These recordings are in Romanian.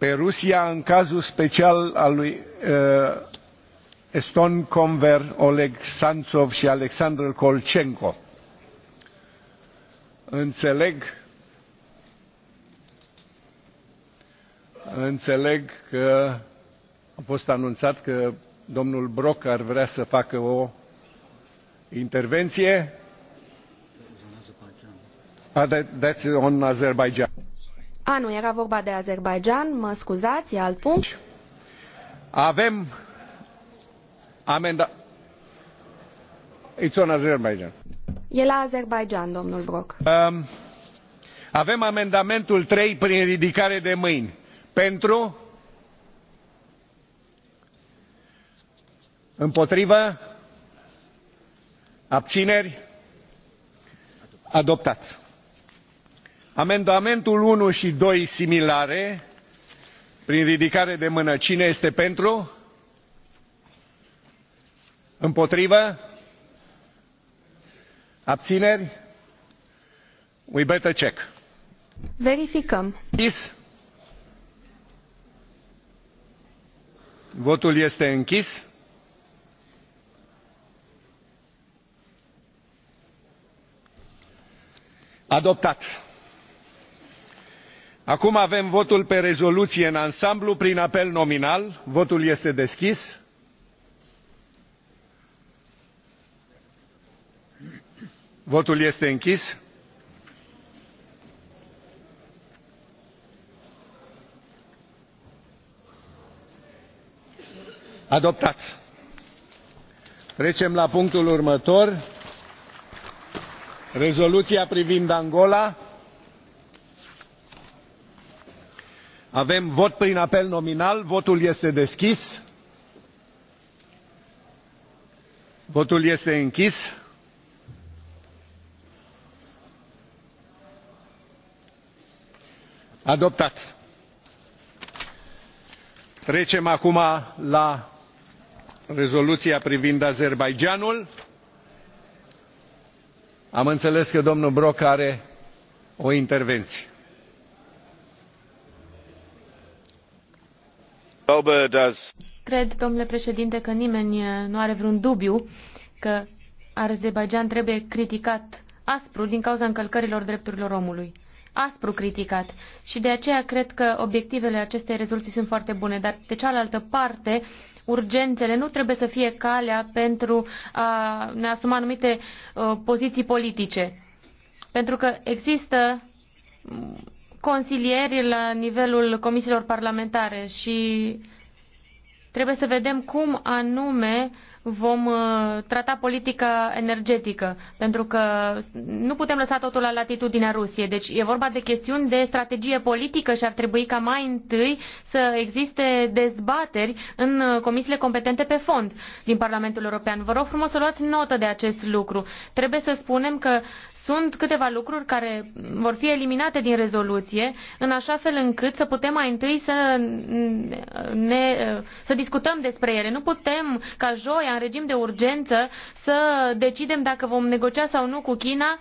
pe Rusia în cazul special al lui uh, Eston Conver, Oleg Santsov și Alexandru Kolchenko. Înțeleg, înțeleg că a fost anunțat că domnul Brock ar vrea să facă o intervenție. Ah, that, that's on Azerbaijan. A, nu, era vorba de Azerbaidjan, mă scuzați, e alt punct. Avem amenda... It's on Azerbaijan. E la Azerbaijan, domnul Brock. Um, avem amendamentul 3 prin ridicare de mâini. Pentru? Împotrivă? Abțineri? Adoptat amendamentul unu și doi similare prin ridicare de mână cine este pentru? împotrivă? abțineri? we better check. verificăm. Is? votul este închis. adoptat acum avem votul pe rezoluție în ansamblu prin apel nominal votul este deschis votul este închis adoptat. trecem la punctul următor rezoluția privind angola avem vot prin apel nominal votul este deschis votul este închis adoptat trecem acum la rezoluția privind azerbaidjanul am înțeles că domnul brok are o intervenție Cred, domnule președinte, că nimeni eh, nu are vreun dubiu că Azerbaijan trebuie criticat aspru din cauza încălcărilor drepturilor omului. Aspru criticat. Și de aceea cred că obiectivele acestei rezoluții sunt foarte bune, dar de cealaltă parte urgențele nu trebuie să fie calea pentru a ne asuma anumite eh, poziții politice. Pentru că există consilieri la nivelul comisiilor parlamentare și trebuie să vedem cum anume uh, vom uh, trata politica energetică, pentru că nu putem lăsa totul la latitudinea Rusiei. Deci e vorba de chestiuni de strategie politică și ar trebui ca mai întâi să existe dezbateri în uh, comisiile competente pe fond din Parlamentul European. Vă rog frumos să luați notă de acest lucru. Trebuie să spunem că sunt câteva lucruri care vor fi eliminate din rezoluție, în așa fel încât să putem mai întâi să, ne, uh, să discutăm despre ele. Nu putem ca joi în regim de urgență să decidem dacă vom negocia sau nu cu China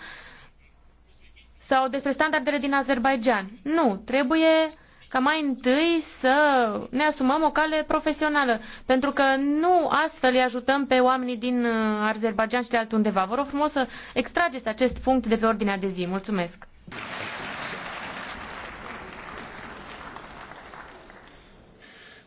sau despre standardele din Azerbaijan. Nu, trebuie ca mai întâi să ne asumăm o cale profesională, pentru că nu astfel îi ajutăm pe oamenii din uh, Azerbaijan și de altundeva. Vă rog frumos să extrageți acest punct de pe ordinea de zi. Mulțumesc!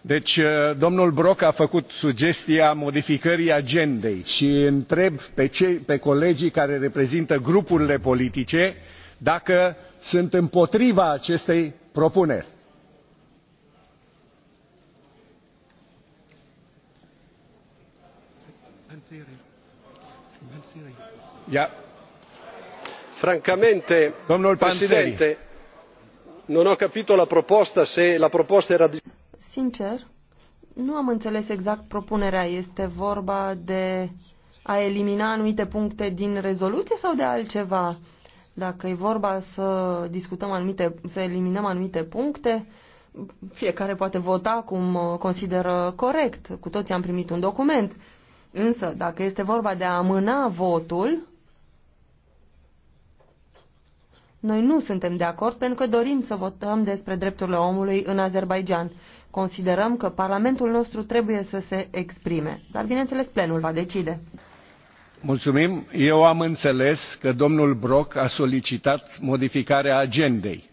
deci uh, domnul brok a făcut sugestia modificării agendei și întreb pe, cei, pe colegii care reprezintă grupurile politice dacă sunt împotriva acestei propuneri. Yeah. francamente domnul presidente non ho capito la proposta se la proposta era. Sincer, nu am înțeles exact propunerea. Este vorba de a elimina anumite puncte din rezoluție sau de altceva? Dacă e vorba să discutăm anumite, să eliminăm anumite puncte, fiecare poate vota cum uh, consideră corect. Cu toții am primit un document. Însă, dacă este vorba de a amâna votul, noi nu suntem de acord pentru că dorim să votăm despre drepturile omului în Azerbaijan Considerăm că Parlamentul nostru trebuie să se exprime, dar bineînțeles plenul va decide. Mulțumim. Eu am înțeles că domnul Brock a solicitat modificarea agendei.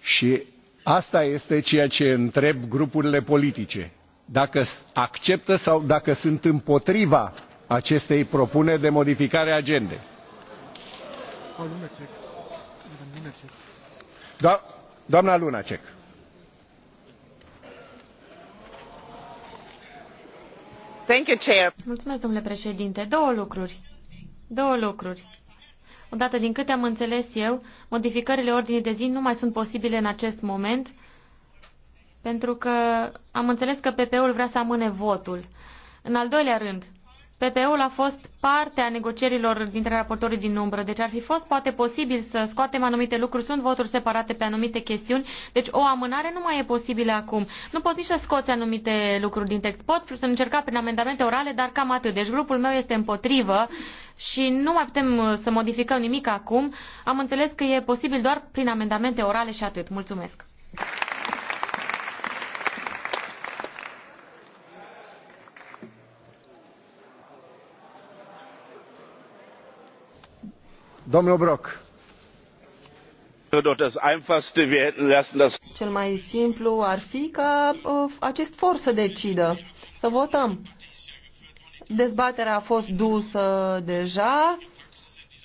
Și asta este ceea ce întreb grupurile politice. Dacă acceptă sau dacă sunt împotriva acestei propuneri de modificare a agendei. Do doamna Lunacek. Mulțumesc, domnule președinte. Două lucruri. Două lucruri. Odată, din câte am înțeles eu, modificările ordinii de zi nu mai sunt posibile în acest moment, pentru că am înțeles că PP-ul vrea să amâne votul. În al doilea rând, PPO-ul a fost parte a negocierilor dintre raportorii din umbră, deci ar fi fost poate posibil să scoatem anumite lucruri, sunt voturi separate pe anumite chestiuni, deci o amânare nu mai e posibilă acum. Nu poți nici să scoți anumite lucruri din text, pot să încerca prin amendamente orale, dar cam atât. Deci grupul meu este împotrivă și nu mai putem uh, să modificăm nimic acum. Am înțeles că e posibil doar prin amendamente orale și atât. Mulțumesc! Cel mai simplu ar fi ca uh, acest for să decidă, să votăm. Dezbaterea a fost dusă deja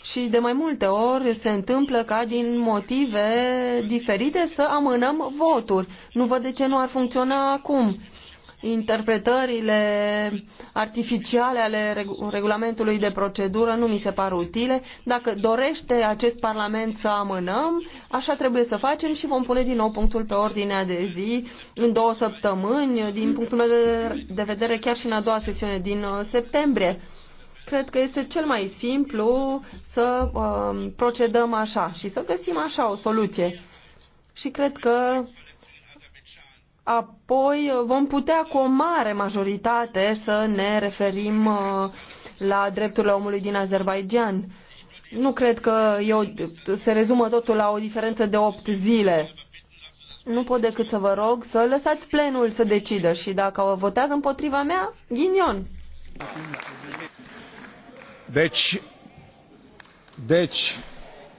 și de mai multe ori se întâmplă ca din motive diferite să amânăm voturi. Nu văd de ce nu ar funcționa acum interpretările artificiale ale regulamentului de procedură nu mi se par utile. Dacă dorește acest Parlament să amânăm, așa trebuie să facem și vom pune din nou punctul pe ordinea de zi în două săptămâni, din punctul meu de vedere chiar și în a doua sesiune din uh, septembrie. Cred că este cel mai simplu să uh, procedăm așa și să găsim așa o soluție. Și cred că apoi uh, vom putea cu o mare majoritate să ne referim uh, la drepturile omului din Azerbaijan. Nu cred că eu, se rezumă totul la o diferență de 8 zile. Nu pot decât să vă rog să lăsați plenul să decidă și dacă o votează împotriva mea, ghinion. Deci, deci,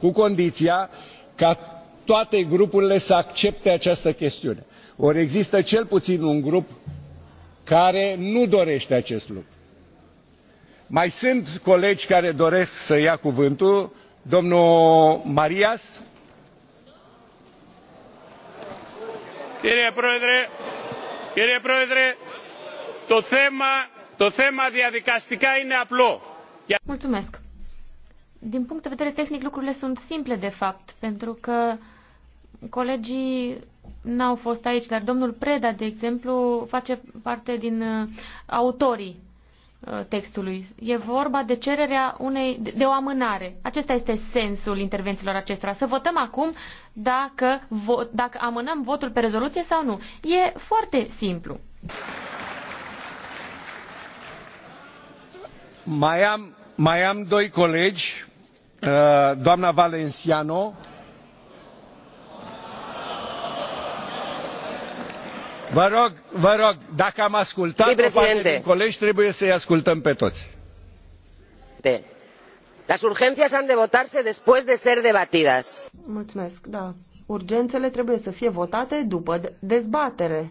cu condiția ca toate grupurile să accepte această chestiune. Ori există cel puțin un grup care nu dorește acest lucru. Mai sunt colegi care doresc să ia cuvântul. Domnul Marias. Κύριε Πρόεδρε, κύριε Πρόεδρε, το θέμα, το θέμα διαδικαστικά Mulțumesc. Din punct de vedere tehnic, lucrurile sunt simple, de fapt, pentru că colegii n-au fost aici, dar domnul Preda, de exemplu, face parte din uh, autorii uh, textului. E vorba de cererea unei, de o amânare. Acesta este sensul intervențiilor acestora. Să votăm acum dacă, vo, dacă amânăm votul pe rezoluție sau nu. E foarte simplu. Mai am, mai am doi colegi Uh, doamna valenciano vă rog, vă rog dacă am ascultat sí, presidente. o colegi trebuie să i ascultăm pe toți. De. Las urgencias han de votarse después de ser debatidas. Mulțumesc, da. Urgențele trebuie să fie votate după dezbatere.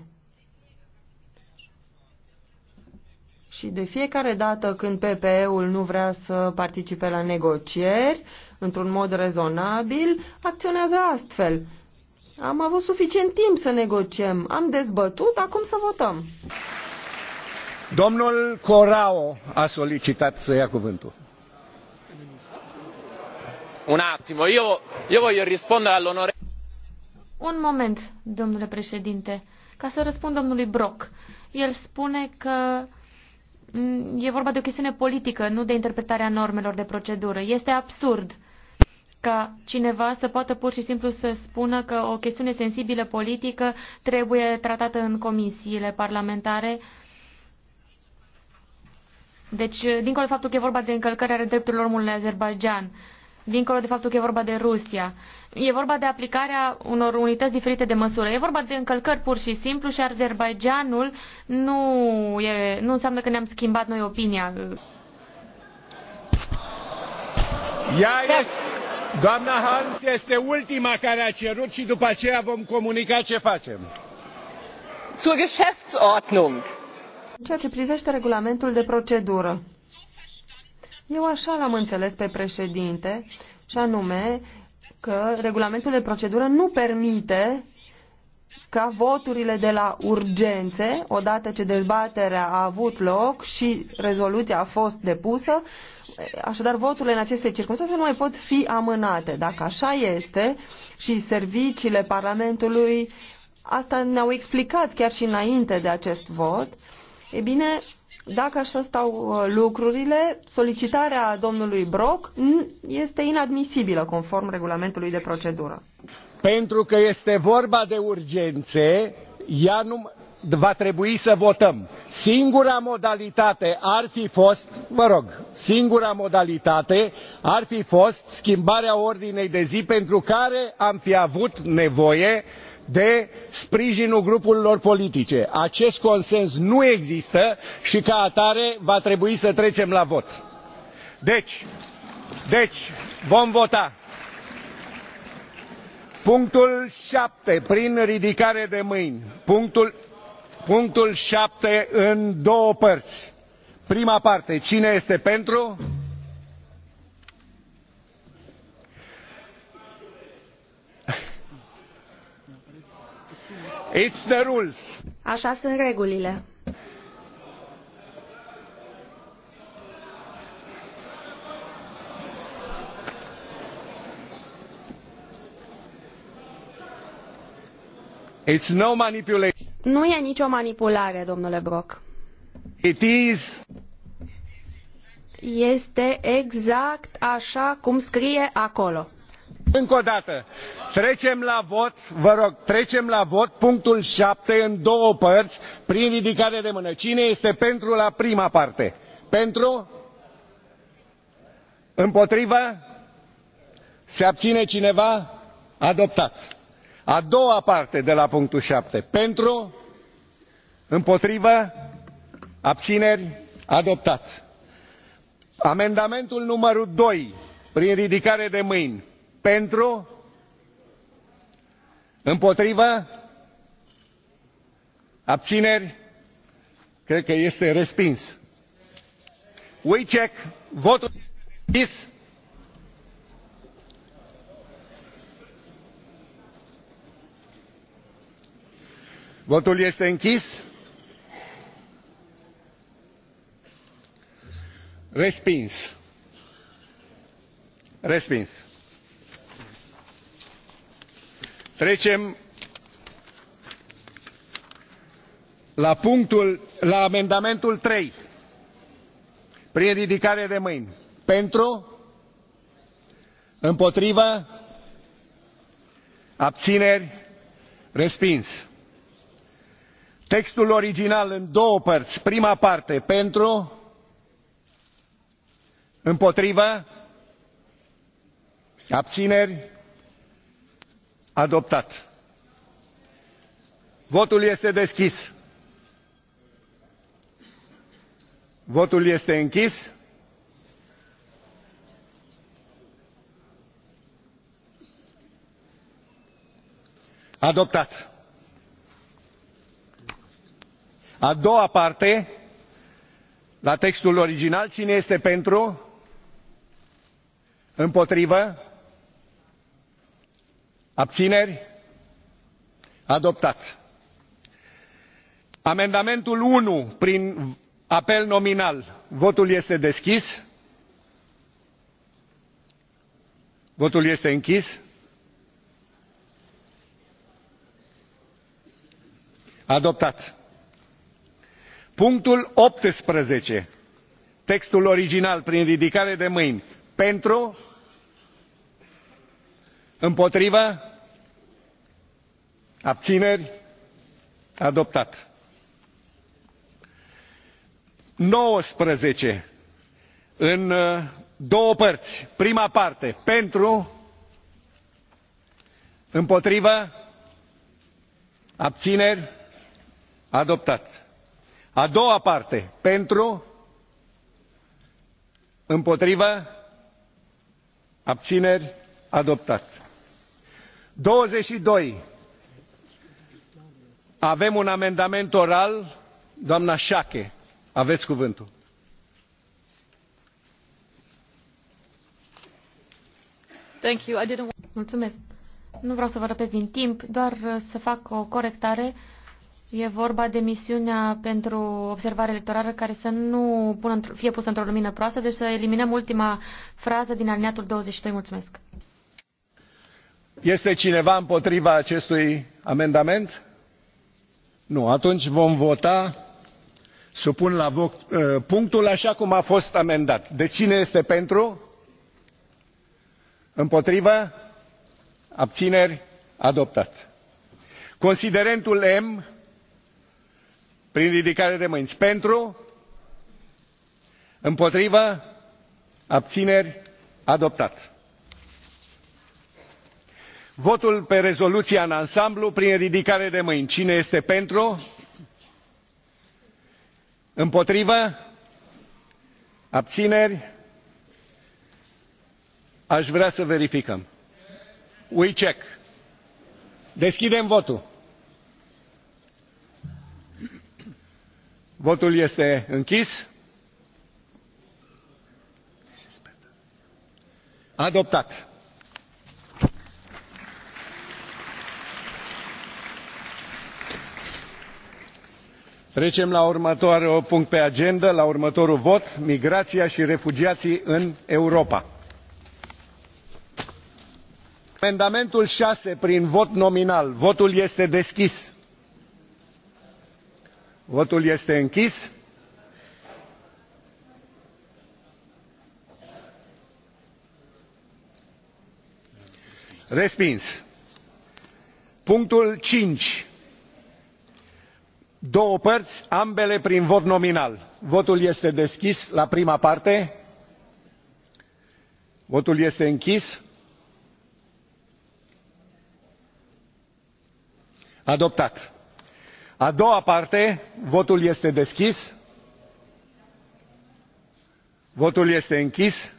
Și de fiecare dată când PPE-ul nu vrea să participe la negocieri, într-un mod rezonabil, acționează astfel. Am avut suficient timp să negociem. Am dezbătut, acum să votăm. Domnul Corao a solicitat să ia cuvântul. Un attimo, eu, eu voglio rispondere all'onore. Un moment, domnule președinte, ca să răspund domnului Brock. El spune că Mm, e vorba de o chestiune politică, nu de interpretarea normelor de procedură. Este absurd ca cineva să poată pur și simplu să spună că o chestiune sensibilă politică trebuie tratată în comisiile parlamentare. Deci, dincolo de faptul că e vorba de încălcarea drepturilor omului în Azerbaijan, dincolo de faptul că e vorba de Rusia. E vorba de aplicarea unor unități diferite de măsură. E vorba de încălcări pur și simplu și Azerbaijanul nu, e, nu înseamnă că ne-am schimbat noi opinia. Ia e, doamna Hans este ultima care a cerut și după aceea vom comunica ce facem. Zur Geschäftsordnung. Ceea ce privește regulamentul de procedură. Eu așa l-am înțeles pe președinte, și anume că regulamentul de procedură nu permite ca voturile de la urgențe, odată ce dezbaterea a avut loc și rezoluția a fost depusă, așadar voturile în aceste circunstanțe nu mai pot fi amânate. Dacă așa este și serviciile Parlamentului asta ne-au explicat chiar și înainte de acest vot, e bine, dacă așa stau uh, lucrurile, solicitarea domnului Brock este inadmisibilă conform regulamentului de procedură. Pentru că este vorba de urgențe, ea nu va trebui să votăm. Singura modalitate ar fi fost, mă rog, singura modalitate ar fi fost schimbarea ordinei de zi pentru care am fi avut nevoie uh, de sprijinul grupurilor politice. Acest consens nu există și ca atare va trebui să trecem la vot. Deci, deci vom vota. Punctul 7, prin ridicare de mâini. Punctul, punctul 7 în două părți. Prima parte, cine este pentru? Așa sunt regulile. It's no manipulation. Nu e nicio manipulare, domnule Brock. It is... Este exact așa cum scrie acolo. Încă o dată, trecem la vot, vă rog, trecem la vot punctul 7 în două părți, prin ridicare de mână. Cine este pentru la prima parte? Pentru? Împotrivă? Se abține cineva? Adoptat. A doua parte de la punctul 7. Pentru? Împotrivă? Abțineri? Adoptat. Amendamentul numărul 2, prin ridicare de mâini pentru împotrivă abțineri cred că este respins. we votul este deschis. votul este închis. respins. respins. trecem la, punctul, la amendamentul trei prin ridicare de mâini pentru împotrivă abțineri respins textul original în două părți prima parte pentru împotrivă abțineri adoptat. votul este deschis. votul este închis. adoptat. a doua parte la textul original cine este pentru? împotrivă? abțineri adoptat amendamentul unu prin apel nominal votul este deschis votul este închis adoptat punctul optsprezece textul original prin ridicare de mâini pentru împotrivă abțineri adoptat nouăsprezece în uh, două părți prima parte pentru împotrivă abțineri adoptat a doua parte pentru împotrivă abțineri adoptat douăzeci și doi avem un amendament oral doamna schaake aveți cuvântul. Mulțumesc. Nu vreau să vă răpesc din timp, doar uh, să fac o corectare. E vorba de misiunea pentru observare electorală care să nu pună, fie pusă într-o lumină proastă, deci să eliminăm ultima frază din alineatul 22. Mulțumesc. Este cineva împotriva acestui amendament? Nu, atunci vom vota, supun la vot uh, punctul așa cum a fost amendat. Deci cine este pentru? Împotrivă? Abțineri? Adoptat. Considerentul M, prin ridicare de mâini, pentru? Împotrivă? Abțineri? Adoptat votul pe rezoluția în ansamblu prin ridicare de mâini cine este pentru împotrivă abțineri aș vrea să verificăm we check deschidem votul votul este închis adoptat trecem la următorul punct pe agendă la următorul vot migrația și refugiații în europa. amendamentul șase prin vot nominal votul este deschis. votul este închis. respins. punctul cinci două părți ambele prin vot nominal. votul este deschis la prima parte. votul este închis. adoptat. a doua parte votul este deschis. votul este închis.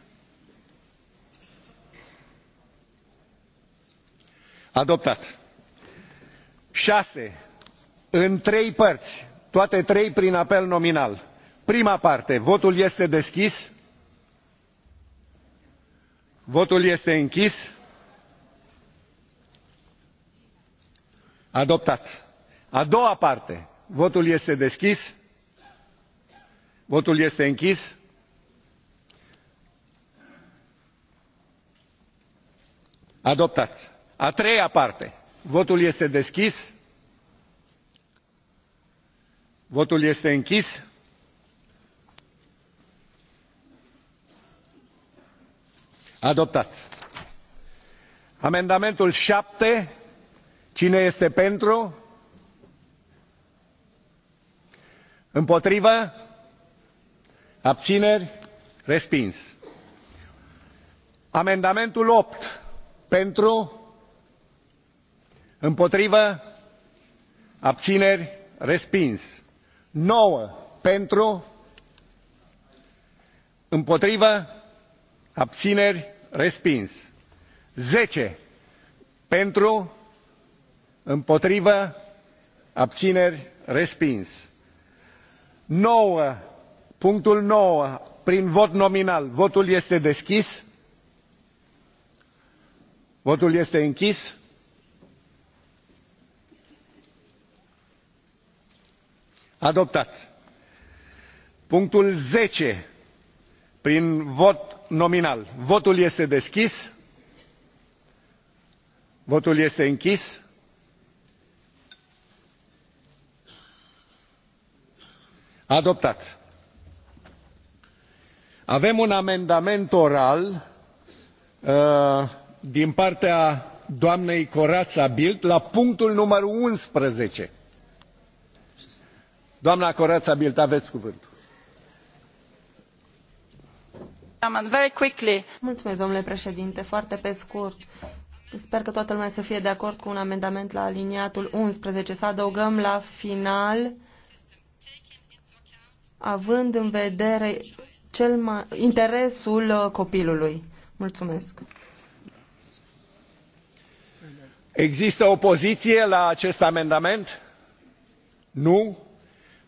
adoptat. șase în trei părți toate trei prin apel nominal. prima parte votul este deschis. votul este închis. adoptat. a doua parte votul este deschis. votul este închis. adoptat. a treia parte votul este deschis votul este închis. adoptat. amendamentul șapte cine este pentru? împotrivă? abțineri? respins. amendamentul opt pentru? împotrivă? abțineri? respins nouă pentru împotrivă abțineri respins zece pentru împotrivă abțineri respins nouă punctul nouă prin vot nominal votul este deschis votul este închis adoptat. punctul zece prin vot nominal votul este deschis votul este închis adoptat. avem un amendament oral uh, din partea doamnei corazza bildt la punctul numărul unsprezece doamna corazza bildt aveți cuvântul. Mulțumesc, domnule președinte foarte pe scurt sper că toată lumea să fie de acord cu un amendament la aliniatul 11 să adăugăm la final având în vedere cel mai, interesul uh, copilului. Mulțumesc. Există opoziție la acest amendament? Nu?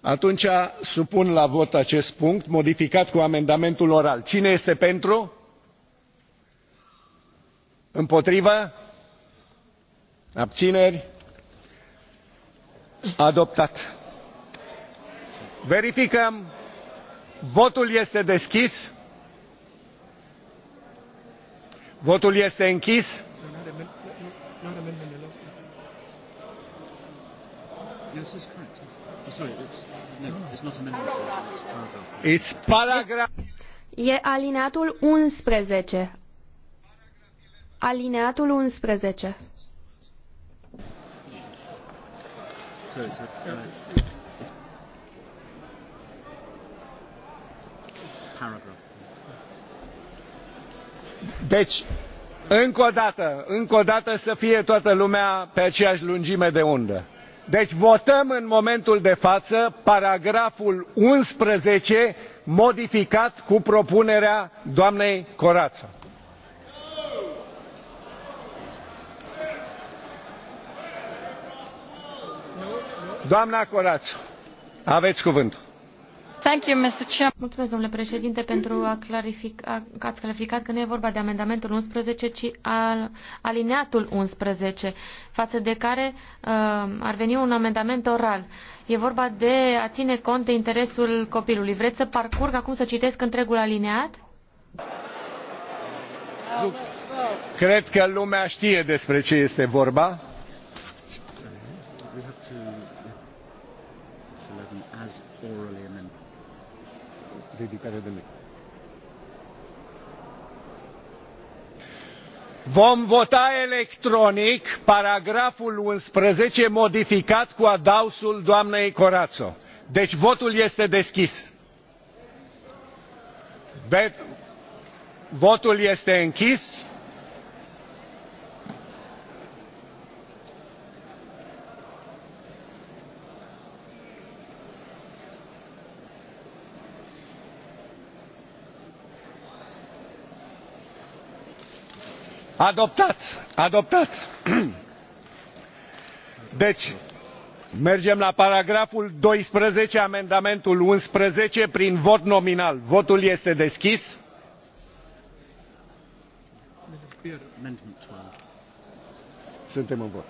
atunci supun la vot acest punct modificat cu amendamentul oral. cine este pentru? împotrivă? abțineri? adoptat. verificăm. votul este deschis. votul este închis. It's paragraph... E alineatul 11. Alineatul 11. Uh, deci, încă o dată, încă o dată să fie toată lumea pe aceeași lungime de undă deci votăm în momentul de față paragraful unsprezece modificat cu propunerea doamnei corazza bildt. doamnă corazza aveți cuvântul. Mulțumesc, domnule președinte, pentru a clarifica, că ați clarificat că nu e vorba de amendamentul 11, ci al, alineatul 11, față de care uh, ar veni un amendament oral. E vorba de a ține cont de interesul copilului. Vreți să parcurg acum să citesc întregul alineat? Cred că lumea știe despre ce este vorba ridicare de mâini. Vom vota electronic paragraful 11 modificat cu adausul doamnei Corazzo. Deci votul este deschis. Votul este închis. adoptat adoptat deci mergem la paragraful doisprezece amendamentul unsprezece prin vot nominal votul este deschis suntem în vot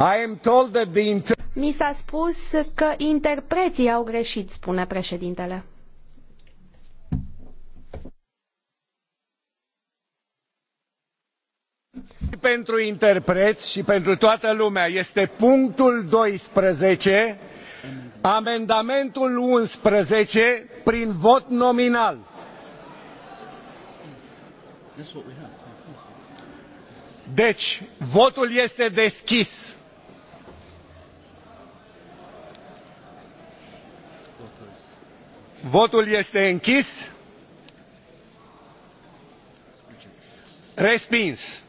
I am told that the mi s-a spus că interpreții au greșit, spune președintele. pentru interpreți și pentru toată lumea este punctul 12, amendamentul 11, prin vot nominal. deci votul este deschis. Votul este închis. Respins.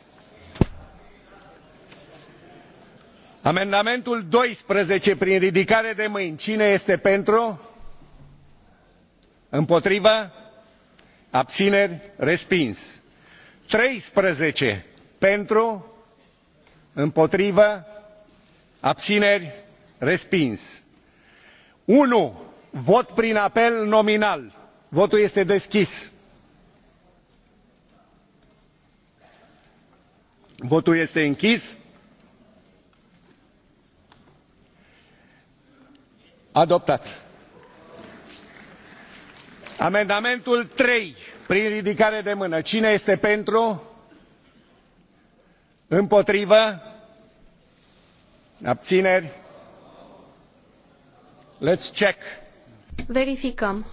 Amendamentul 12 prin ridicare de mâini. Cine este pentru? Împotrivă? Abțineri? Respins. 13 pentru? Împotrivă? Abțineri? Respins. 1 vot prin apel nominal votul este deschis votul este închis adoptat amendamentul trei prin ridicare de mână cine este pentru împotrivă abțineri let's check Verificăm.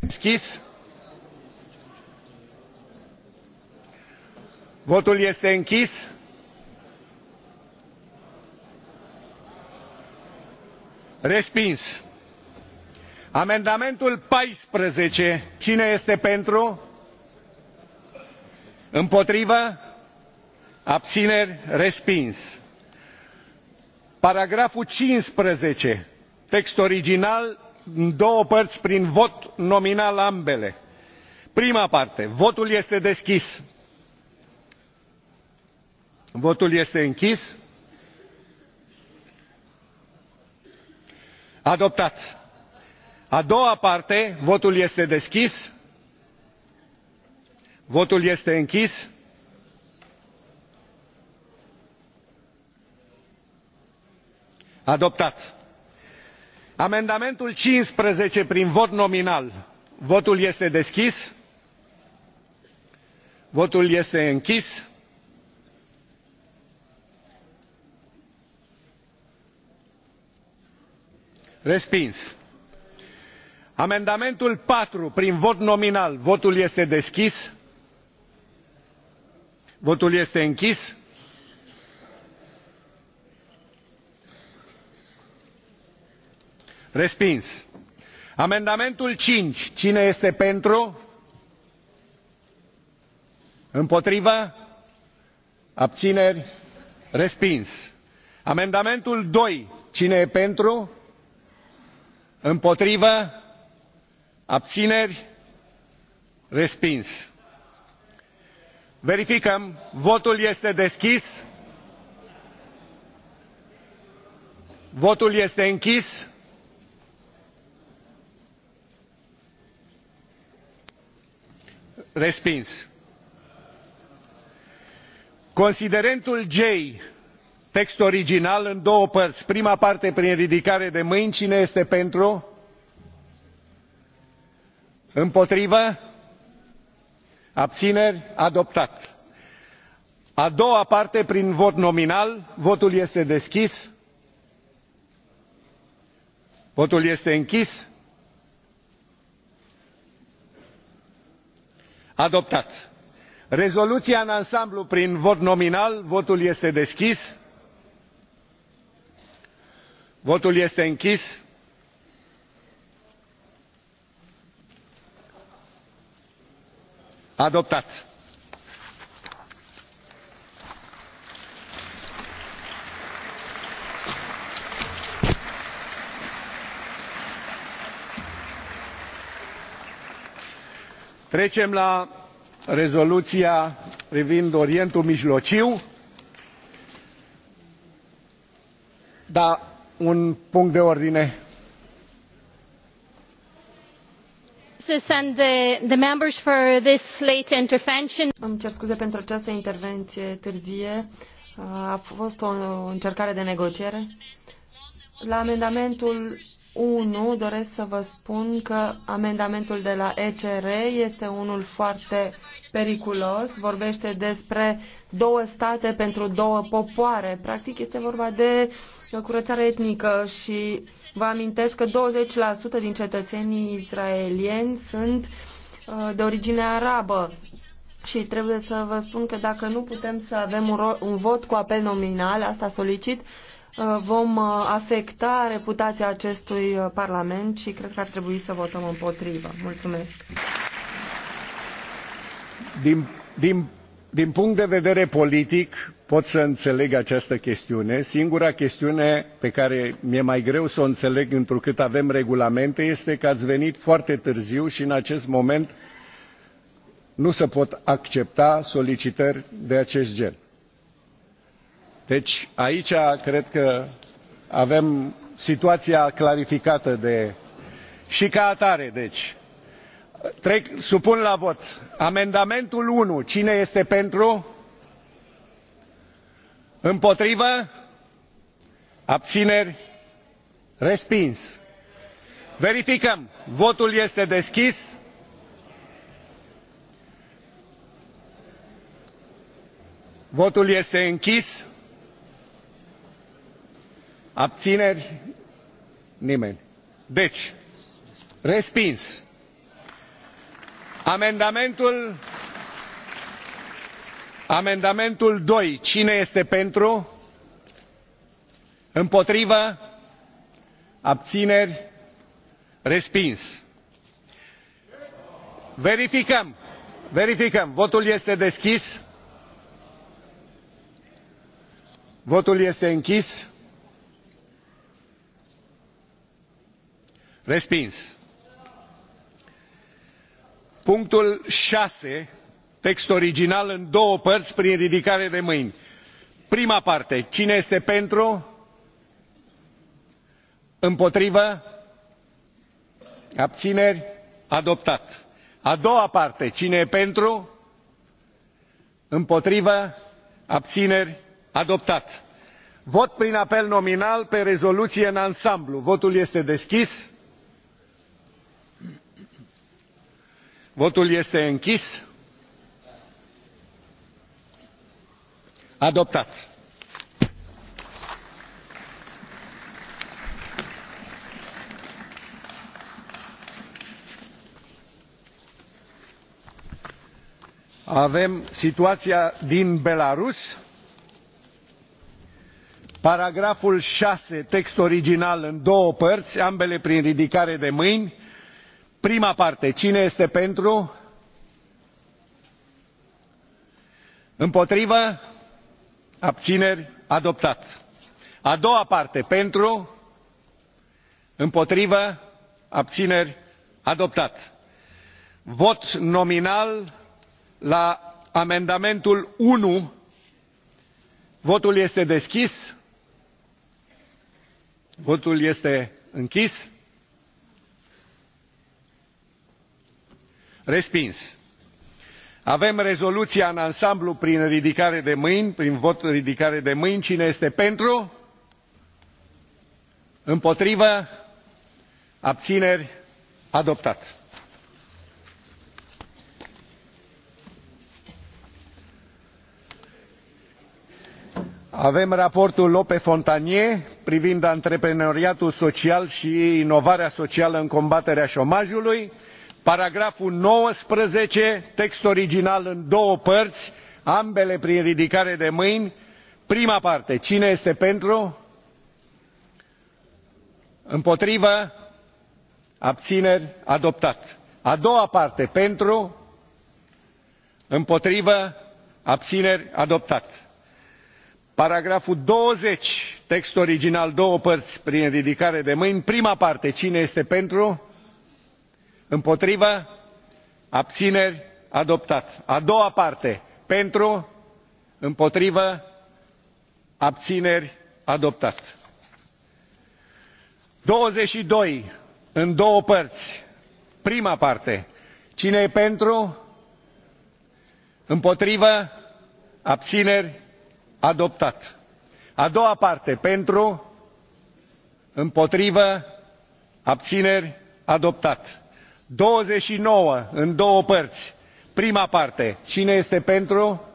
Deschis. Votul este închis. Respins. Amendamentul 14. Cine este pentru? Împotrivă? Abțineri? Respins. Paragraful 15. Text original în două părți prin vot nominal ambele. prima parte votul este deschis. votul este închis. adoptat. a doua parte votul este deschis. votul este închis. adoptat amendamentul cincisprezece prin vot nominal votul este deschis votul este închis respins amendamentul patru prin vot nominal votul este deschis votul este închis respins amendamentul cinci cine este pentru împotrivă abțineri respins amendamentul doi cine este pentru împotrivă abțineri respins verificăm votul este deschis votul este închis respins considerentul j text original în două părți prima parte prin ridicare de mâini cine este pentru împotrivă abțineri adoptat a doua parte prin vot nominal votul este deschis votul este închis adoptat. rezoluția în ansamblu prin vot nominal votul este deschis. votul este închis. adoptat. trecem la rezoluția privind orientul mijlociu da un punct de ordine. îmi cer scuze pentru această intervenție târzie a fost o încercare de negociere. La amendamentul 1 doresc să vă spun că amendamentul de la ECR este unul foarte periculos. Vorbește despre două state pentru două popoare. Practic este vorba de curățare etnică și vă amintesc că 20% din cetățenii israelieni sunt uh, de origine arabă. Și trebuie să vă spun că dacă nu putem să avem un, un vot cu apel nominal, asta solicit, Uh, vom uh, afecta reputația acestui uh, Parlament și cred că ar trebui să votăm împotrivă. Mulțumesc. Din, din, din punct de vedere politic pot să înțeleg această chestiune. Singura chestiune pe care mi-e mai greu să o înțeleg întrucât avem regulamente este că ați venit foarte târziu și în acest moment nu se pot accepta solicitări de acest gen deci aici cred că avem situația clarificată de... și ca atare, deci. Trec, supun la vot amendamentul 1. Cine este pentru? Împotrivă? Abțineri? Respins. Verificăm. Votul este deschis. Votul este închis abțineri nimeni. deci respins. amendamentul amendamentul doi cine este pentru? împotrivă? abțineri? respins. verificăm verificăm votul este deschis votul este închis Respins. Punctul 6, text original în două părți prin ridicare de mâini. Prima parte, cine este pentru? Împotrivă? Abțineri? Adoptat. A doua parte, cine e pentru? Împotrivă? Abțineri? Adoptat vot prin apel nominal pe rezoluție în ansamblu votul este deschis. votul este închis. adoptat. avem situația din belarus paragraful șase text original în două părți ambele prin ridicare de mâini prima parte cine este pentru? împotrivă? abțineri? adoptat. a doua parte pentru? împotrivă? abțineri? adoptat. vot nominal la amendamentul unu votul este deschis votul este închis respins avem rezoluția în ansamblu prin ridicare de mâini prin vot ridicare de mâini cine este pentru împotrivă abțineri adoptat avem raportul lope fontanier privind antreprenoriatul social și inovarea socială în combaterea șomajului paragraful nouăsprezece text original în două părți ambele prin ridicare de mâini prima parte cine este pentru? împotrivă? abțineri? adoptat. a doua parte pentru? împotrivă? abțineri? adoptat. paragraful douăzeci text original două părți prin ridicare de mâini prima parte cine este pentru? împotrivă abțineri adoptat. a doua parte pentru împotrivă abțineri adoptat. douăzeci și doi în două părți prima parte cine e pentru împotrivă abțineri adoptat. a doua parte pentru împotrivă abțineri adoptat douăzeci și nouă în două părți prima parte cine este pentru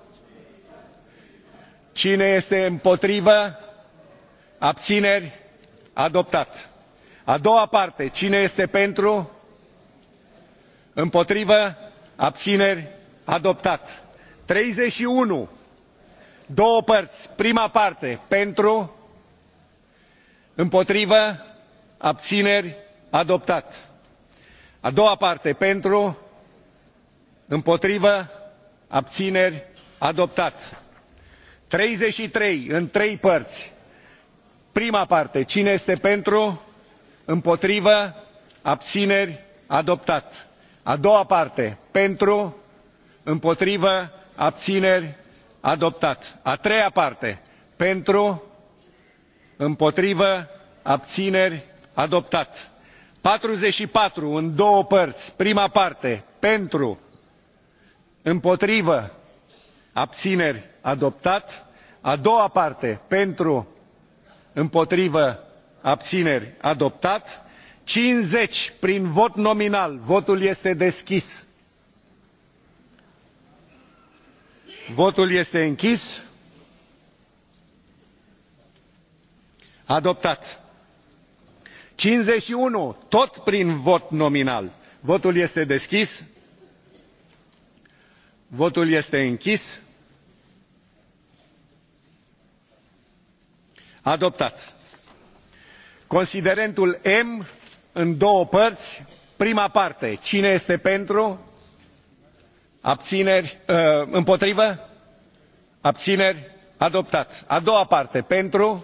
cine este împotrivă abțineri adoptat a doua parte cine este pentru împotrivă abțineri adoptat treizeci și unu două părți prima parte pentru împotrivă abțineri adoptat a doua parte pentru împotrivă abțineri adoptat treizeci și trei în trei părți prima parte cine este pentru împotrivă abțineri adoptat a doua parte pentru împotrivă abțineri adoptat a treia parte pentru împotrivă abțineri adoptat patruzeci și patru în două părți prima parte pentru împotrivă abțineri adoptat a doua parte pentru împotrivă abțineri adoptat cincizeci prin vot nominal votul este deschis votul este închis adoptat cincizeci și unu tot prin vot nominal votul este deschis votul este închis adoptat considerentul m în două părți prima parte cine este pentru abțineri uh, împotrivă abțineri adoptat a doua parte pentru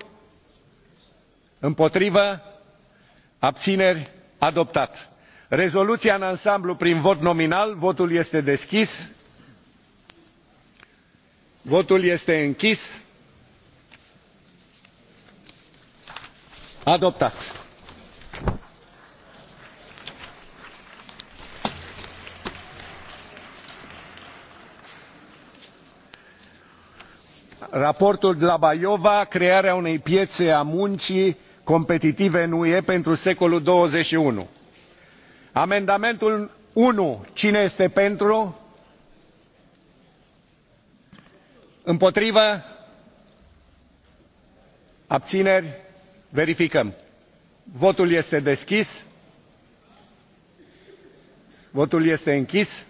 împotrivă abțineri adoptat. rezoluția în ansamblu prin vot nominal votul este deschis votul este închis adoptat. raportul dlabajova crearea unei piețe a muncii competitive în ue pentru secolul 21. Amendamentul 1. Cine este pentru? Împotrivă? Abțineri? Verificăm. Votul este deschis. Votul este închis.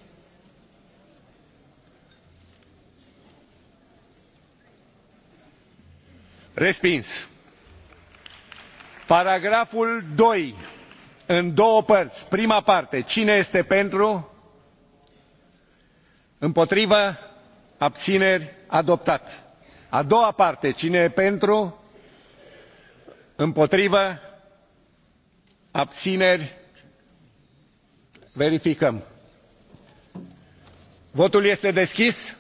Respins paragraful doi în două părți prima parte cine este pentru împotrivă abțineri adoptat a doua parte cine e pentru împotrivă abțineri verificăm votul este deschis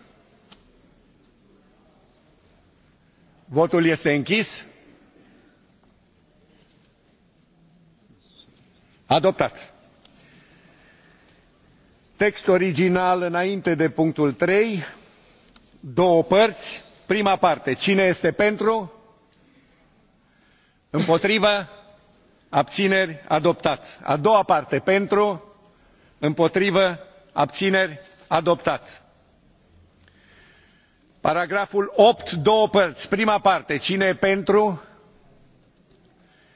votul este închis adoptat text original înainte de punctul trei două părți prima parte cine este pentru împotrivă abțineri adoptat a doua parte pentru împotrivă abțineri adoptat paragraful opt două părți prima parte cine e pentru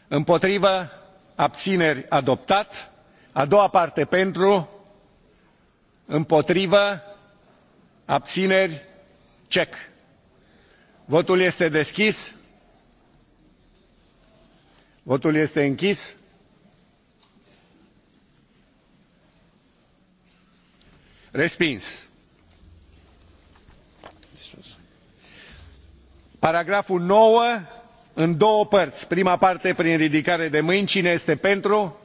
împotrivă abțineri adoptat a doua parte pentru împotrivă abțineri cec votul este deschis votul este închis respins paragraful nouă în două părți prima parte prin ridicare de mâini cine este pentru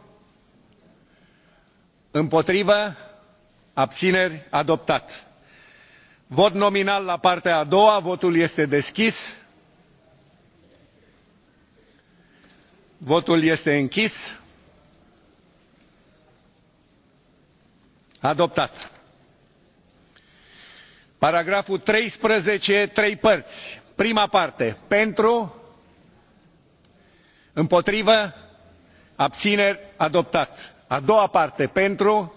împotrivă abțineri adoptat vot nominal la partea a doua votul este deschis votul este închis adoptat paragraful treisprezece trei părți prima parte pentru împotrivă abțineri adoptat a doua parte pentru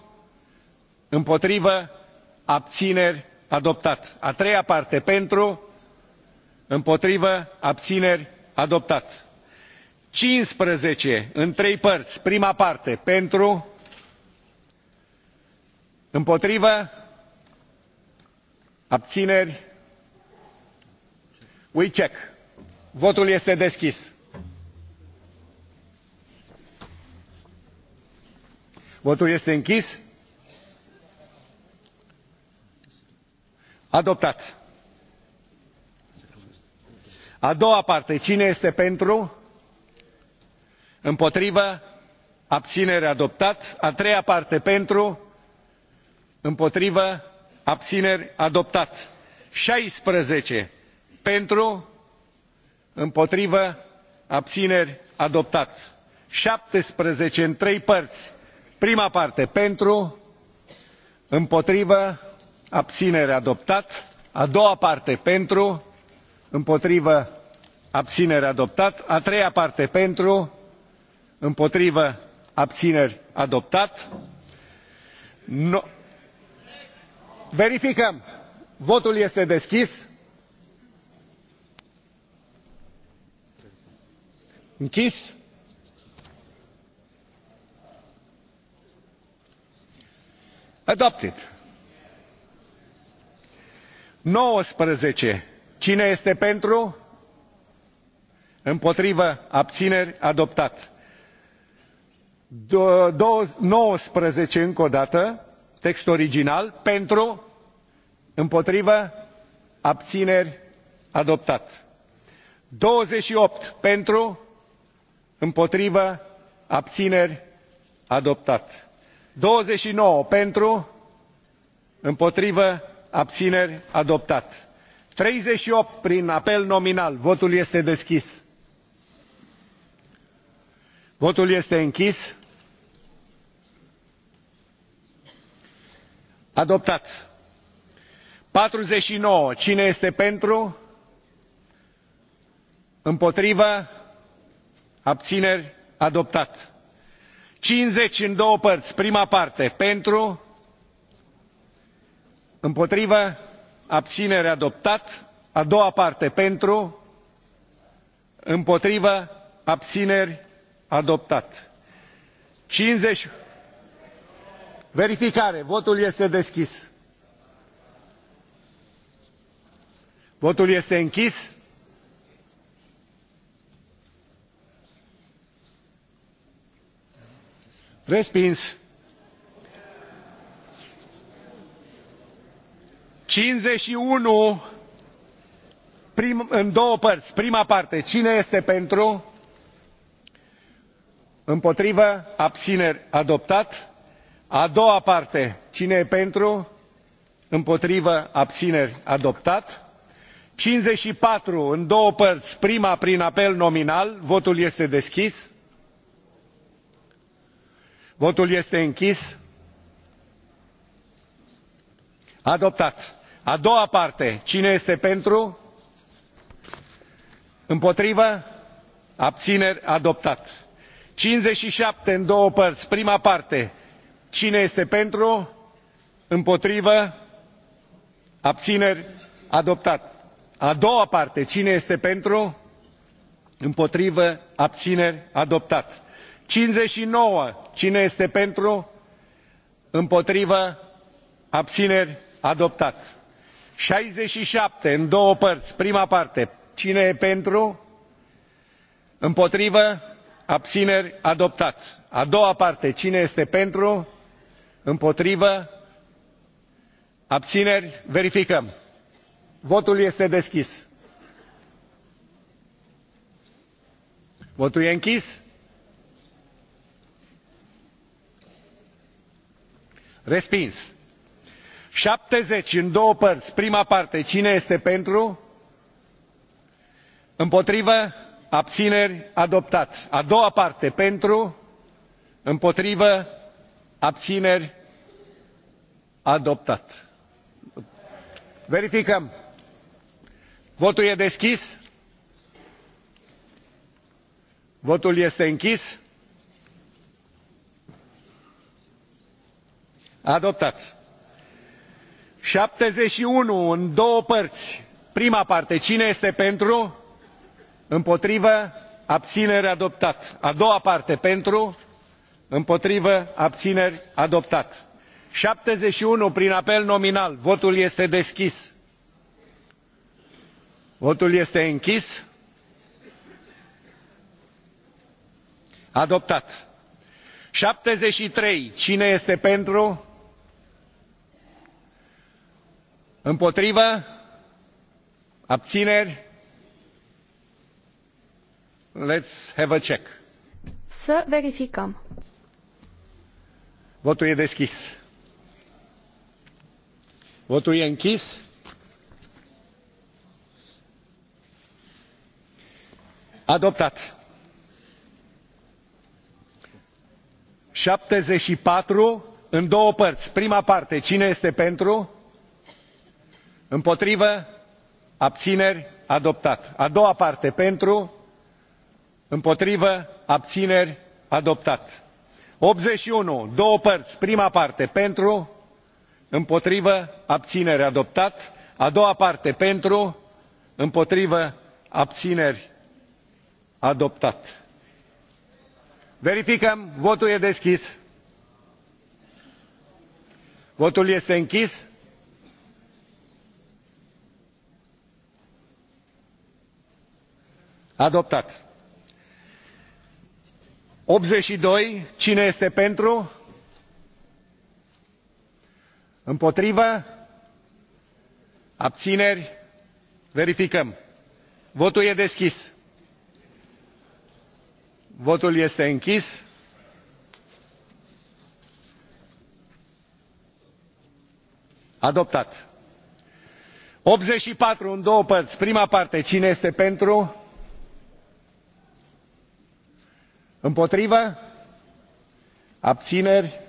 împotrivă abțineri adoptat a treia parte pentru împotrivă abțineri adoptat cincisprezece în trei părți prima parte pentru împotrivă abțineri we check votul este deschis. votul este închis. adoptat. a doua parte cine este pentru? împotrivă? abținere adoptat. a treia parte pentru? împotrivă? abțineri adoptat. 16 pentru? împotrivă? abțineri adoptat. 17 în trei părți prima parte pentru împotrivă abținere adoptat a doua parte pentru împotrivă abținere adoptat a treia parte pentru împotrivă abțineri adoptat no... verificăm votul este deschis închis adopted. 19. cine este pentru? împotrivă abțineri adoptat. 19 încă o dată text original pentru împotrivă abțineri adoptat. 28 pentru împotrivă abțineri adoptat douăzeci și nouă pentru împotrivă abțineri adoptat treizeci și opt prin apel nominal votul este deschis votul este închis adoptat patruzeci și nouă cine este pentru împotrivă abțineri adoptat cincizeci în două părți prima parte pentru împotrivă abținere adoptat a doua parte pentru împotrivă abțineri adoptat cincizeci verificare votul este deschis votul este închis respins 51 prim, în două părți prima parte cine este pentru împotrivă abțineri adoptat a doua parte cine e pentru împotrivă abțineri adoptat 54 în două părți prima prin apel nominal votul este deschis votul este închis. adoptat. a doua parte cine este pentru? împotrivă? abțineri adoptat. 57 în două părți prima parte cine este pentru? împotrivă? abțineri adoptat. a doua parte cine este pentru? împotrivă? abțineri adoptat 59. Cine este pentru? Împotrivă? Abțineri? Adoptat. 67. În două părți. Prima parte. Cine este pentru? Împotrivă? Abțineri? Adoptat. A doua parte. Cine este pentru? Împotrivă? Abțineri? Verificăm. Votul este deschis. Votul e închis. respins șaptezeci în două părți prima parte cine este pentru împotrivă abțineri adoptat a doua parte pentru împotrivă abțineri adoptat verificăm votul e deschis votul este închis adoptat. șaptezeci și unu în două părți prima parte cine este pentru? împotrivă abțineri adoptat. a doua parte pentru? împotrivă abțineri adoptat. șaptezeci și unu prin apel nominal votul este deschis. votul este închis. adoptat. șaptezeci și trei cine este pentru? împotrivă abțineri let's have a check să verificăm votul e deschis votul e închis adoptat șaptezeci și patru în două părți prima parte cine este pentru? împotrivă abțineri adoptat. a doua parte pentru împotrivă abțineri adoptat. optzeci și unu două părți prima parte pentru împotrivă abțineri adoptat a doua parte pentru împotrivă abțineri adoptat. verificăm votul e deschis votul este închis adoptat. optzeci și doi cine este pentru? împotrivă? abțineri? verificăm. votul este deschis. votul este închis. adoptat. optzeci și patru în două părți prima parte cine este pentru? împotrivă abțineri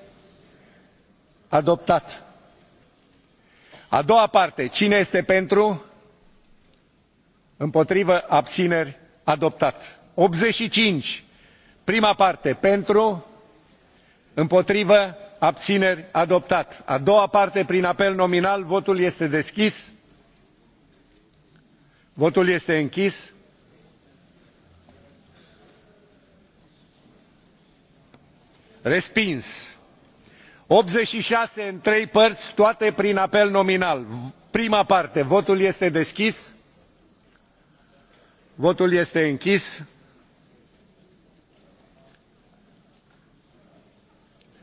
adoptat. a doua parte cine este pentru împotrivă abțineri adoptat. optzeci și cinci prima parte pentru împotrivă abțineri adoptat. a doua parte prin apel nominal votul este deschis votul este închis respins optzeci și șase în trei părți toate prin apel nominal prima parte votul este deschis votul este închis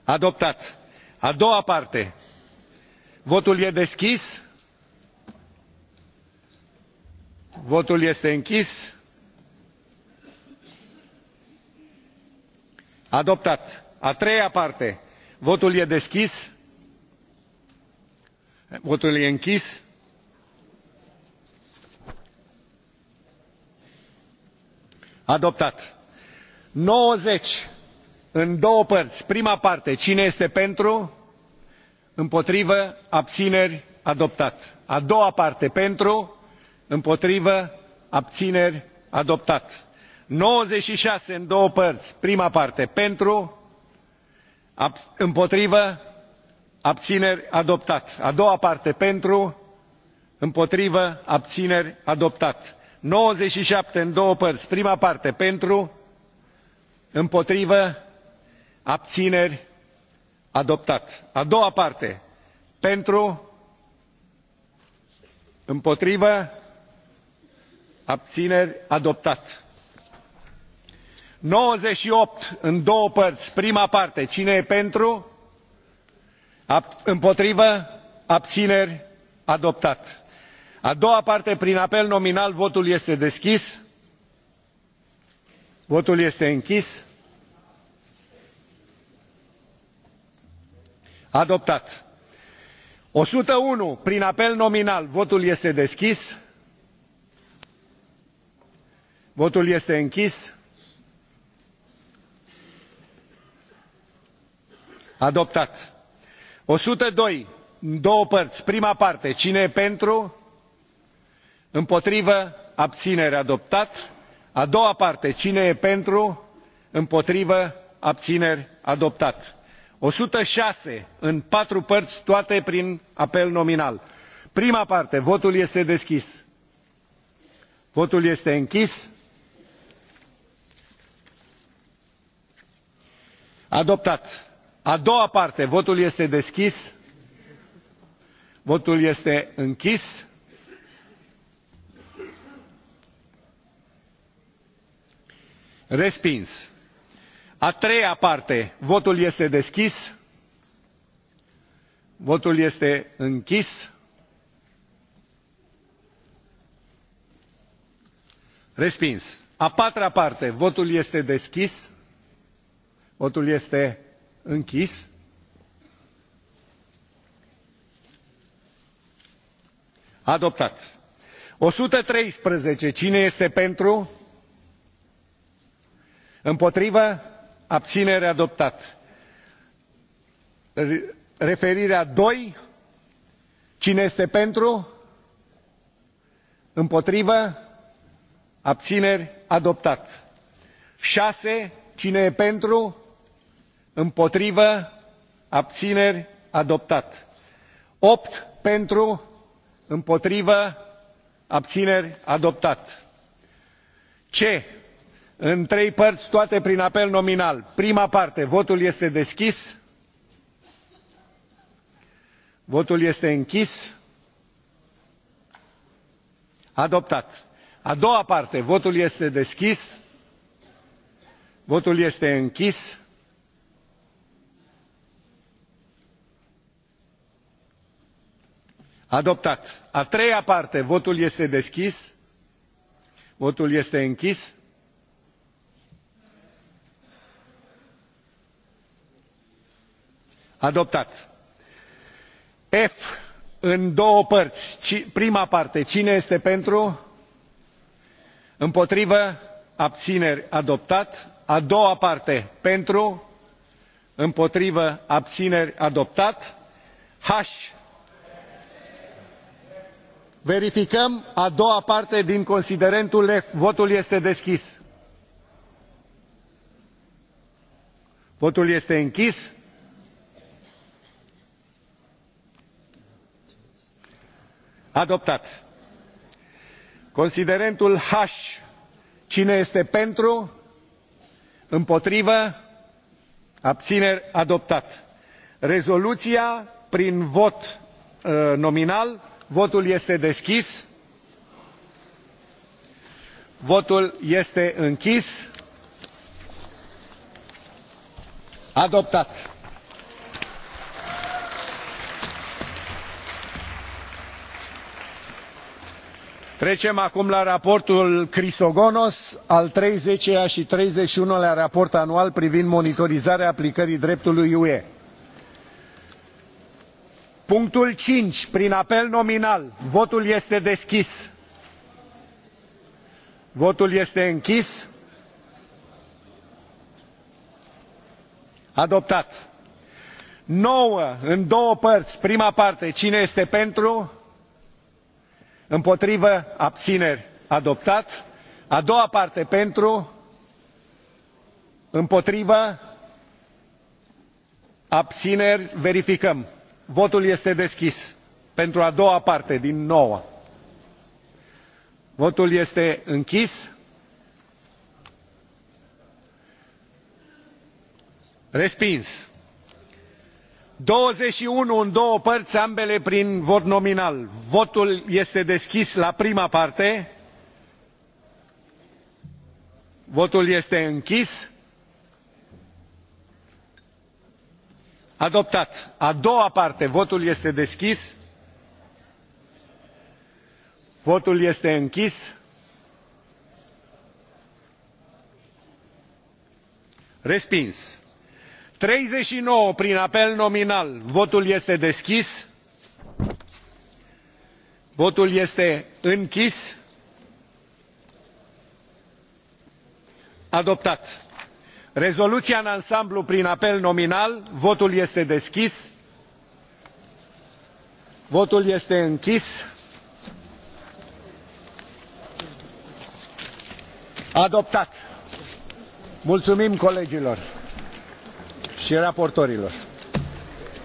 adoptat a doua parte votul este deschis votul este închis adoptat a treia parte votul este deschis votul este închis adoptat nouăzeci în două părți prima parte cine este pentru împotrivă abțineri adoptat a doua parte pentru împotrivă abțineri adoptat nouăzeci și șase în două părți prima parte pentru împotrivă abțineri adoptat. a doua parte pentru împotrivă abțineri adoptat. nouăzeci și șapte în două părți prima parte pentru împotrivă abțineri adoptat. a doua parte pentru împotrivă abțineri adoptat 98 în două părți. Prima parte. Cine e pentru? împotrivă? Abțineri? Adoptat. A doua parte, prin apel nominal, votul este deschis. Votul este închis. Adoptat. 101. Prin apel nominal, votul este deschis. Votul este închis. adoptat. o sută doi în două părți prima parte cine e pentru? împotrivă abținere adoptat. a doua parte cine e pentru? împotrivă abțineri adoptat. o sută șase în patru părți toate prin apel nominal. prima parte votul este deschis. votul este închis. adoptat a doua parte votul este deschis votul este închis respins a treia parte votul este deschis votul este închis respins a patra parte votul este deschis votul este Închis. Adoptat. 113. Cine este pentru? Împotrivă? Abținere adoptat. Referirea 2. Cine este pentru? Împotrivă? Abțineri adoptat. 6. Cine e pentru? împotrivă abțineri adoptat opt pentru împotrivă abțineri adoptat c în trei părți toate prin apel nominal prima parte votul este deschis votul este închis adoptat a doua parte votul este deschis votul este închis adoptat. a treia parte votul este deschis votul este închis adoptat. f în două părți prima parte cine este pentru? împotrivă abțineri adoptat. a doua parte pentru împotrivă abțineri adoptat. h verificăm a doua parte din considerentul f votul este deschis votul este închis adoptat considerentul h cine este pentru împotrivă abțineri adoptat rezoluția prin vot uh, nominal votul este deschis votul este închis adoptat. trecem acum la raportul Crisogonos, al 30 lea și 31 lea raport anual privind monitorizarea aplicării dreptului ue punctul cinci prin apel nominal votul este deschis votul este închis adoptat nouă în două părți prima parte cine este pentru împotrivă abțineri adoptat a doua parte pentru împotrivă abțineri verificăm votul este deschis pentru a doua parte din nouă votul este închis respins douăzeci și unu în două părți ambele prin vot nominal votul este deschis la prima parte votul este închis adoptat. a doua parte votul este deschis. votul este închis. respins. treizeci și nouă prin apel nominal votul este deschis. votul este închis. adoptat rezoluția în ansamblu prin apel nominal votul este deschis votul este închis adoptat mulțumim colegilor și raportorilor.